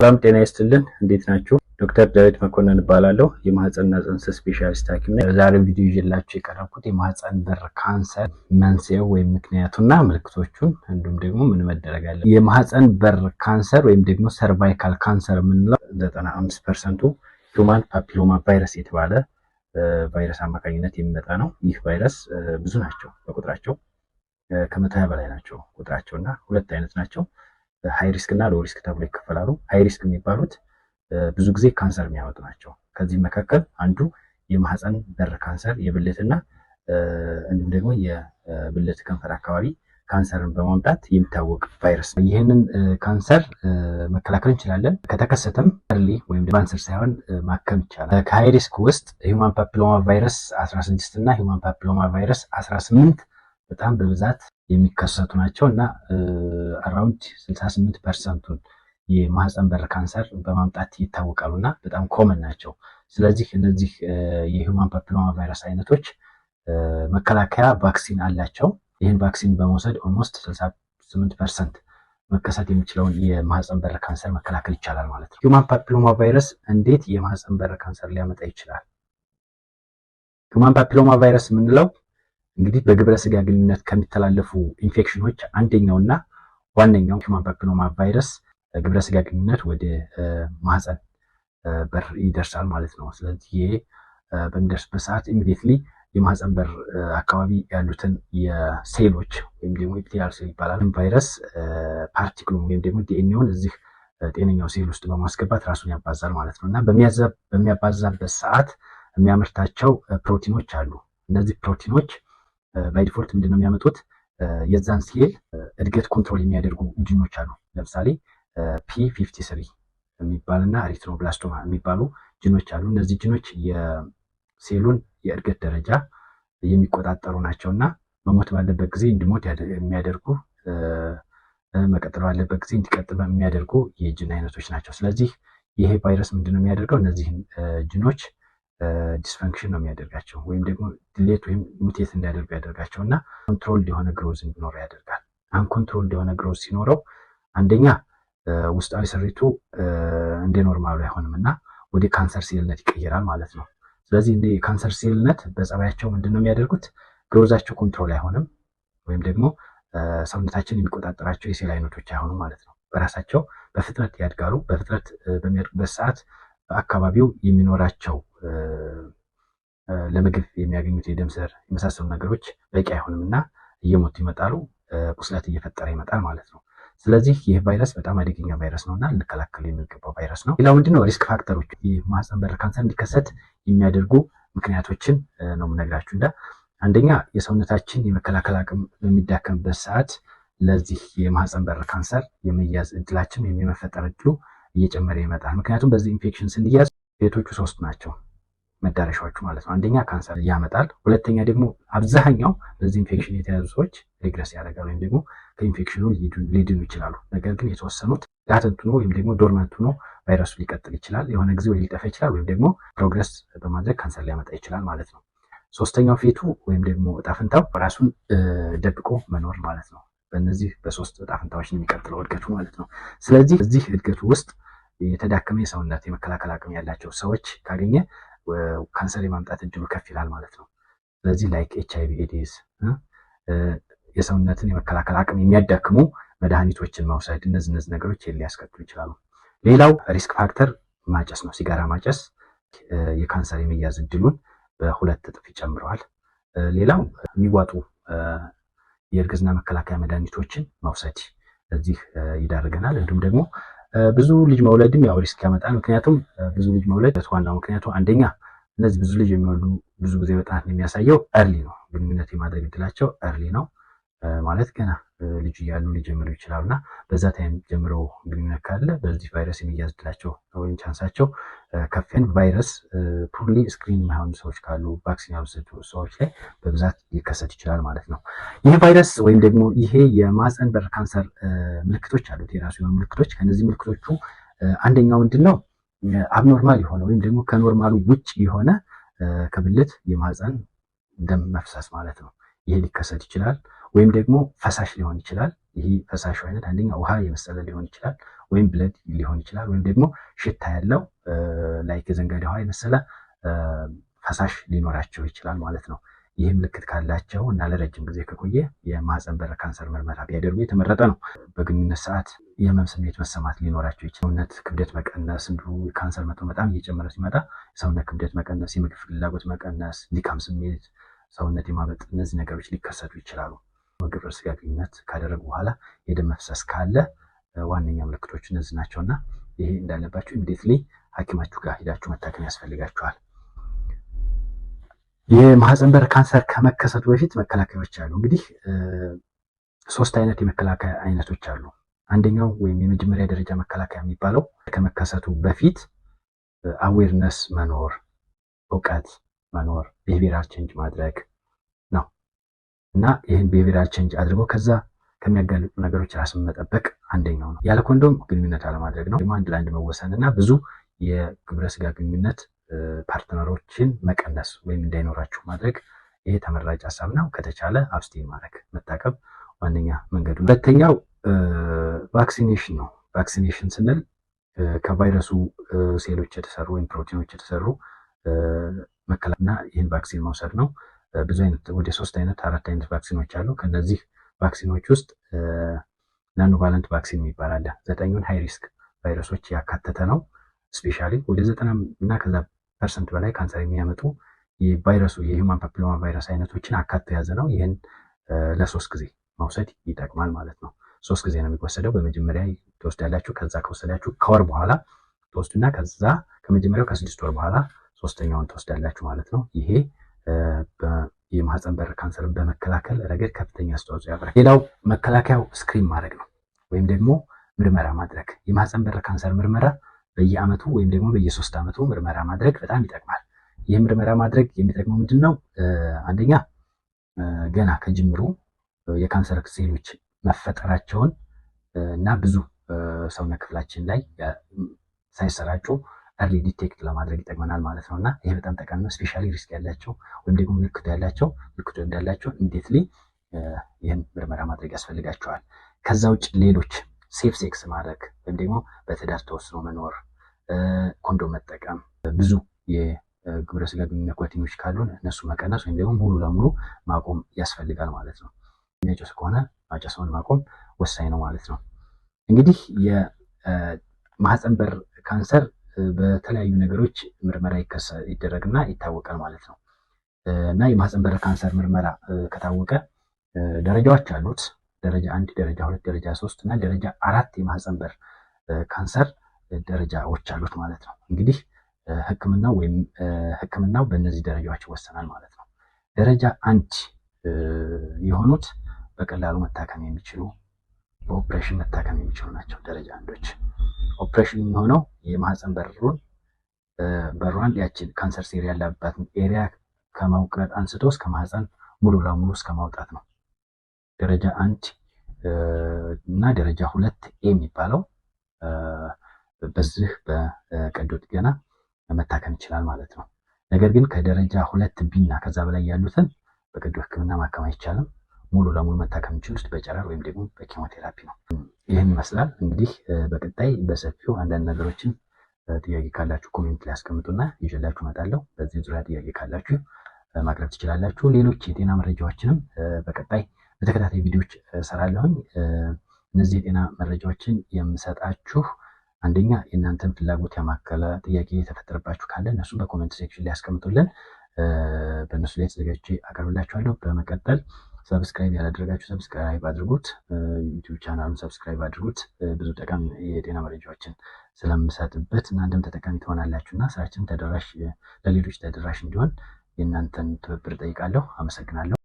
ሰላም ጤና ይስጥልን፣ እንዴት ናችሁ? ዶክተር ዳዊት መኮንን እባላለሁ የማህፀንና ጽንስ ስፔሻሊስት ሐኪም ነኝ። ዛሬ ቪዲዮ ይዤላችሁ የቀረብኩት የማህፀን በር ካንሰር መንስኤው ወይም ምክንያቱና ምልክቶቹን እንዲሁም ደግሞ ምን መደረግ አለ። የማህፀን በር ካንሰር ወይም ደግሞ ሰርቫይካል ካንሰር የምንለው ዘጠና አምስት ፐርሰንቱ ሂውማን ፓፒሎማ ቫይረስ የተባለ ቫይረስ አማካኝነት የሚመጣ ነው። ይህ ቫይረስ ብዙ ናቸው በቁጥራቸው ከመቶ ሀያ በላይ ናቸው ቁጥራቸው እና ሁለት አይነት ናቸው ሃይ ሪስክ እና ሎው ሪስክ ተብሎ ይከፈላሉ። ሃይ ሪስክ የሚባሉት ብዙ ጊዜ ካንሰር የሚያመጡ ናቸው። ከዚህ መካከል አንዱ የማህፀን በር ካንሰር፣ የብልትና እንዲሁም ደግሞ የብልት ከንፈር አካባቢ ካንሰርን በማምጣት የሚታወቅ ቫይረስ ነው። ይህንን ካንሰር መከላከል እንችላለን። ከተከሰተም ርሊ ወይም ባንሰር ሳይሆን ማከም ይቻላል። ከሃይ ሪስክ ውስጥ ሂውማን ፓፒሎማ ቫይረስ 16 እና ሂውማን ፓፒሎማ ቫይረስ 18 በጣም በብዛት የሚከሰቱ ናቸው እና አራውንድ 68 ፐርሰንቱን የማህፀን በር ካንሰር በማምጣት ይታወቃሉ እና በጣም ኮመን ናቸው። ስለዚህ እነዚህ የሂውማን ፓፒሎማ ቫይረስ አይነቶች መከላከያ ቫክሲን አላቸው። ይህን ቫክሲን በመውሰድ ኦልሞስት 68 ፐርሰንት መከሰት የሚችለውን የማህፀን በር ካንሰር መከላከል ይቻላል ማለት ነው። ሂውማን ፓፒሎማ ቫይረስ እንዴት የማህፀን በር ካንሰር ሊያመጣ ይችላል? ሂውማን ፓፒሎማ ቫይረስ የምንለው እንግዲህ በግብረ ስጋ ግንኙነት ከሚተላለፉ ኢንፌክሽኖች አንደኛውና ዋነኛው ሂውማን ፓፒሎማ ቫይረስ ግብረ ስጋ ግንኙነት ወደ ማህፀን በር ይደርሳል ማለት ነው። ስለዚህ ይሄ በሚደርስበት ሰዓት ኢሚዲየትሊ የማህፀን በር አካባቢ ያሉትን የሴሎች ወይም ደግሞ ኢፒቴሊያል ሴል ይባላል ቫይረስ ፓርቲክሉም ወይም ደግሞ ዲኤንኤውን እዚህ ጤነኛው ሴል ውስጥ በማስገባት ራሱን ያባዛል ማለት ነው እና በሚያባዛበት ሰዓት የሚያመርታቸው ፕሮቲኖች አሉ። እነዚህ ፕሮቲኖች ባይዲፎልት ምንድነው የሚያመጡት የዛን ስኬል እድገት ኮንትሮል የሚያደርጉ ጂኖች አሉ። ለምሳሌ ፒ ፊፍቲ ስሪ የሚባልና ሪትኖብላስቶማ የሚባሉ ጅኖች አሉ። እነዚህ ጅኖች የሴሉን የእድገት ደረጃ የሚቆጣጠሩ ናቸው እና መሞት ባለበት ጊዜ እንዲሞት የሚያደርጉ መቀጠል ባለበት ጊዜ እንዲቀጥል የሚያደርጉ የጅን አይነቶች ናቸው። ስለዚህ ይሄ ቫይረስ ምንድነው የሚያደርገው እነዚህን ጅኖች። ዲስፈንክሽን ነው የሚያደርጋቸው ወይም ደግሞ ድሌት ወይም ሙቴት እንዲያደርጉ ያደርጋቸው እና ኮንትሮል የሆነ ግሮዝ እንዲኖረ ያደርጋል። አንኮንትሮል የሆነ ግሮዝ ሲኖረው አንደኛ ውስጣዊ ስሪቱ እንደ ኖርማሉ አይሆንም እና ወደ ካንሰር ሴልነት ይቀይራል ማለት ነው። ስለዚህ እንደ ካንሰር ሴልነት በጸባያቸው ምንድን ነው የሚያደርጉት? ግሮዛቸው ኮንትሮል አይሆንም ወይም ደግሞ ሰውነታችን የሚቆጣጠራቸው የሴል አይነቶች አይሆኑም ማለት ነው። በራሳቸው በፍጥነት ያድጋሉ። በፍጥነት በሚያድጉበት ሰዓት በአካባቢው የሚኖራቸው ለምግብ የሚያገኙት የደም ስር የመሳሰሉ ነገሮች በቂ አይሆንም እና እየሞቱ ይመጣሉ። ቁስለት እየፈጠረ ይመጣል ማለት ነው። ስለዚህ ይህ ቫይረስ በጣም አደገኛ ቫይረስ ነው እና ልንከላከሉ የሚገባው ቫይረስ ነው። ሌላው ምንድነው? ሪስክ ፋክተሮች ማህፀን በር ካንሰር እንዲከሰት የሚያደርጉ ምክንያቶችን ነው የምነግራችሁ። እንደ አንደኛ የሰውነታችን የመከላከል አቅም በሚዳከምበት ሰዓት ለዚህ የማህፀን በር ካንሰር የመያዝ እድላችን ወይም የመፈጠር እድሉ እየጨመረ ይመጣል። ምክንያቱም በዚህ ኢንፌክሽን ስንያዝ ቤቶቹ ሶስት ናቸው። መዳረሻዎቹ ማለት ነው። አንደኛ ካንሰር ያመጣል። ሁለተኛ ደግሞ አብዛኛው በዚህ ኢንፌክሽን የተያዙ ሰዎች ሪግረስ ያደርጋል ወይም ደግሞ ከኢንፌክሽኑ ሊድኑ ይችላሉ። ነገር ግን የተወሰኑት ላተንቱ ነው ወይም ደግሞ ዶርማንቱ ነው ቫይረሱ ሊቀጥል ይችላል የሆነ ጊዜ ወይ ሊጠፋ ይችላል ወይም ደግሞ ፕሮግረስ በማድረግ ካንሰር ሊያመጣ ይችላል ማለት ነው። ሶስተኛው ፌቱ ወይም ደግሞ እጣፍንታው ራሱን ደብቆ መኖር ማለት ነው። በእነዚህ በሶስት እጣፍንታዎች የሚቀጥለው እድገቱ ማለት ነው። ስለዚህ እዚህ እድገቱ ውስጥ የተዳከመ የሰውነት የመከላከል አቅም ያላቸው ሰዎች ካገኘ ካንሰር የማምጣት እድሉ ከፍ ይላል ማለት ነው። ስለዚህ ላይክ ኤች አይቪ ኤዲስ የሰውነትን የመከላከል አቅም የሚያዳክሙ መድኃኒቶችን መውሰድ እነዚህ እነዚህ ነገሮች ሊያስከትሉ ይችላሉ። ሌላው ሪስክ ፋክተር ማጨስ ነው። ሲጋራ ማጨስ የካንሰር የመያዝ እድሉን በሁለት እጥፍ ይጨምረዋል። ሌላው የሚዋጡ የእርግዝና መከላከያ መድኃኒቶችን መውሰድ እዚህ ይዳርገናል። እንዲሁም ደግሞ ብዙ ልጅ መውለድም ያው ሪስክ ያመጣል። ምክንያቱም ብዙ ልጅ መውለድ ዋናው ምክንያቱ አንደኛ እነዚህ ብዙ ልጅ የሚወሉ ብዙ ጊዜ በጣም የሚያሳየው እርሊ ነው፣ ግንኙነት የማድረግ እድላቸው እርሊ ነው ማለት ገና ልጅ እያሉ ሊጀምሩ ጀምሩ ይችላሉ እና በዛ ታይም ጀምሮ ግንኙነት ካለ በዚህ ቫይረስ የሚያዝ ዕድላቸው ወይም ቻንሳቸው ከፍን ቫይረስ ፑርሊ ስክሪን የማይሆኑ ሰዎች ካሉ ቫክሲን ያልወሰዱ ሰዎች ላይ በብዛት ሊከሰት ይችላል ማለት ነው። ይህ ቫይረስ ወይም ደግሞ ይሄ የማህፀን በር ካንሰር ምልክቶች አሉት የራሱ የሆኑ ምልክቶች። ከነዚህ ምልክቶቹ አንደኛው ምንድን ነው? አብኖርማል የሆነ ወይም ደግሞ ከኖርማሉ ውጭ የሆነ ከብልት የማህፀን ደም መፍሰስ ማለት ነው። ይሄ ሊከሰት ይችላል። ወይም ደግሞ ፈሳሽ ሊሆን ይችላል። ይህ ፈሳሹ አይነት አንደኛ ውሃ የመሰለ ሊሆን ይችላል፣ ወይም ብለድ ሊሆን ይችላል፣ ወይም ደግሞ ሽታ ያለው ላይክ የዘንጋዳ ውሃ የመሰለ ፈሳሽ ሊኖራቸው ይችላል ማለት ነው። ይህ ምልክት ካላቸው እና ለረጅም ጊዜ ከቆየ የማህፀን በር ካንሰር ምርመራ ቢያደርጉ የተመረጠ ነው። በግንኙነት ሰዓት የህመም ስሜት መሰማት ሊኖራቸው ይችላል። ሰውነት ክብደት መቀነስ፣ እንዲሁ ካንሰር መጠኑ በጣም እየጨመረ ሲመጣ የሰውነት ክብደት መቀነስ፣ የምግብ ፍላጎት መቀነስ፣ ድካም ስሜት፣ ሰውነት የማበጥ እነዚህ ነገሮች ሊከሰቱ ይችላሉ። ግብረ ስጋ ግንኙነት ካደረጉ በኋላ የደም መፍሰስ ካለ ዋነኛ ምልክቶች እነዚህ ናቸው እና ይሄ እንዳለባቸው ኢሚዲየትሊ ሐኪማችሁ ጋር ሂዳችሁ መታከም ያስፈልጋችኋል። የማህፀን በር ካንሰር ከመከሰቱ በፊት መከላከያዎች አሉ። እንግዲህ ሶስት አይነት የመከላከያ አይነቶች አሉ። አንደኛው ወይም የመጀመሪያ ደረጃ መከላከያ የሚባለው ከመከሰቱ በፊት አዌርነስ መኖር፣ እውቀት መኖር፣ ቢሄቪራል ቼንጅ ማድረግ እና ይህን ቢሄቪራል ቼንጅ አድርጎ ከዛ ከሚያጋልጡ ነገሮች ራስን መጠበቅ አንደኛው ነው። ያለ ኮንዶም ግንኙነት አለማድረግ ነው። አንድ ለአንድ መወሰን እና ብዙ የግብረ ስጋ ግንኙነት ፓርትነሮችን መቀነስ ወይም እንዳይኖራችሁ ማድረግ ይሄ ተመራጭ ሀሳብ ነው። ከተቻለ አብስቴን ማድረግ መታቀብ ዋነኛ መንገዱ ነው። ሁለተኛው ቫክሲኔሽን ነው። ቫክሲኔሽን ስንል ከቫይረሱ ሴሎች የተሰሩ ወይም ፕሮቲኖች የተሰሩ መከላከልና ይህን ቫክሲን መውሰድ ነው። ብዙ አይነት ወደ ሶስት አይነት አራት አይነት ቫክሲኖች አሉ። ከነዚህ ቫክሲኖች ውስጥ ናኖቫለንት ቫክሲን የሚባል አለ። ዘጠኙን ሃይ ሪስክ ቫይረሶች ያካተተ ነው። ስፔሻሊ ወደ ዘጠና እና ከዛ ፐርሰንት በላይ ካንሰር የሚያመጡ የቫይረሱ የሂውማን ፓፒሎማ ቫይረስ አይነቶችን አካቶ የያዘ ነው። ይህን ለሶስት ጊዜ መውሰድ ይጠቅማል ማለት ነው። ሶስት ጊዜ ነው የሚወሰደው። በመጀመሪያ ትወስዳላችሁ። ከዛ ከወሰዳችሁ ከወር በኋላ ትወስዱና ከዛ ከመጀመሪያው ከስድስት ወር በኋላ ሶስተኛውን ትወስዳላችሁ ማለት ነው። ይሄ የማህፀን በር ካንሰርን በመከላከል ረገድ ከፍተኛ አስተዋጽኦ ያበረክ ሌላው መከላከያው ስክሪን ማድረግ ነው ወይም ደግሞ ምርመራ ማድረግ። የማህፀን በር ካንሰር ምርመራ በየአመቱ ወይም ደግሞ በየሶስት አመቱ ምርመራ ማድረግ በጣም ይጠቅማል። ይህ ምርመራ ማድረግ የሚጠቅመው ምንድን ነው? አንደኛ ገና ከጅምሩ የካንሰር ሴሎች መፈጠራቸውን እና ብዙ ሰውነት ክፍላችን ላይ ሳይሰራጩ እርሊ ዲቴክት ለማድረግ ይጠቅመናል ማለት ነው እና ይህ በጣም ጠቃሚ ነው። ስፔሻሊ ሪስክ ያላቸው ወይም ደግሞ ምልክቱ ያላቸው ምልክቱ እንዳላቸው እንዴት ላይ ይህን ምርመራ ማድረግ ያስፈልጋቸዋል። ከዛ ውጭ ሌሎች ሴፍ ሴክስ ማድረግ ወይም ደግሞ በትዳር ተወስኖ መኖር፣ ኮንዶም መጠቀም፣ ብዙ የግብረ ስጋ ግንኙነት ጓደኞች ካሉን እነሱ መቀነስ ወይም ደግሞ ሙሉ ለሙሉ ማቆም ያስፈልጋል ማለት ነው። የሚያጨስ ከሆነ ማጨሰውን ማቆም ወሳኝ ነው ማለት ነው። እንግዲህ የማህፀን በር ካንሰር በተለያዩ ነገሮች ምርመራ ይደረግና ይታወቃል ማለት ነው። እና የማህፀን በር ካንሰር ምርመራ ከታወቀ ደረጃዎች አሉት። ደረጃ አንድ፣ ደረጃ ሁለት፣ ደረጃ ሶስት እና ደረጃ አራት የማህፀን በር ካንሰር ደረጃዎች አሉት ማለት ነው። እንግዲህ ህክምናው ወይም ህክምናው በእነዚህ ደረጃዎች ይወሰናል ማለት ነው። ደረጃ አንድ የሆኑት በቀላሉ መታከም የሚችሉ በኦፕሬሽን መታከም የሚችሉ ናቸው ደረጃ አንዶች። ኦፕሬሽን የሚሆነው የማህፀን በሩን በሯን ያችን ካንሰር ሴል ያለባት ኤሪያ ከመውቅረጥ አንስቶ እስከ ማህፀን ሙሉ ለሙሉ እስከ ማውጣት ነው። ደረጃ አንድ እና ደረጃ ሁለት ኤ የሚባለው በዚህ በቀዶ ጥገና መታከም ይችላል ማለት ነው። ነገር ግን ከደረጃ ሁለት ቢ እና ከዛ በላይ ያሉትን በቀዶ ሕክምና ማከም አይቻልም። ሙሉ ለሙሉ መታከም የሚችሉት በጨረር ወይም ደግሞ በኪሞቴራፒ ነው። ይህን ይመስላል እንግዲህ በቀጣይ በሰፊው አንዳንድ ነገሮችን ጥያቄ ካላችሁ ኮሜንት ላይ አስቀምጡና ይዤላችሁ እመጣለሁ። በዚህ ዙሪያ ጥያቄ ካላችሁ ማቅረብ ትችላላችሁ። ሌሎች የጤና መረጃዎችንም በቀጣይ በተከታታይ ቪዲዮዎች እሰራለሁኝ። እነዚህ የጤና መረጃዎችን የምሰጣችሁ አንደኛ የእናንተን ፍላጎት ያማከለ ጥያቄ የተፈጠረባችሁ ካለ እነሱ በኮሜንት ሴክሽን ላይ ያስቀምጡልን። በእነሱ ላይ ተዘጋጅቼ አቀርብላችኋለሁ። በመቀጠል ሰብስክራይብ ያላደረጋችሁ ሰብስክራይብ አድርጉት። ዩቲዩብ ቻናሉን ሰብስክራይብ አድርጉት። ብዙ ጠቃሚ የጤና መረጃዎችን ስለምሰጥበት እናንተም ተጠቃሚ ትሆናላችሁ እና ስራችን ተደራሽ ለሌሎች ተደራሽ እንዲሆን የእናንተን ትብብር ጠይቃለሁ። አመሰግናለሁ።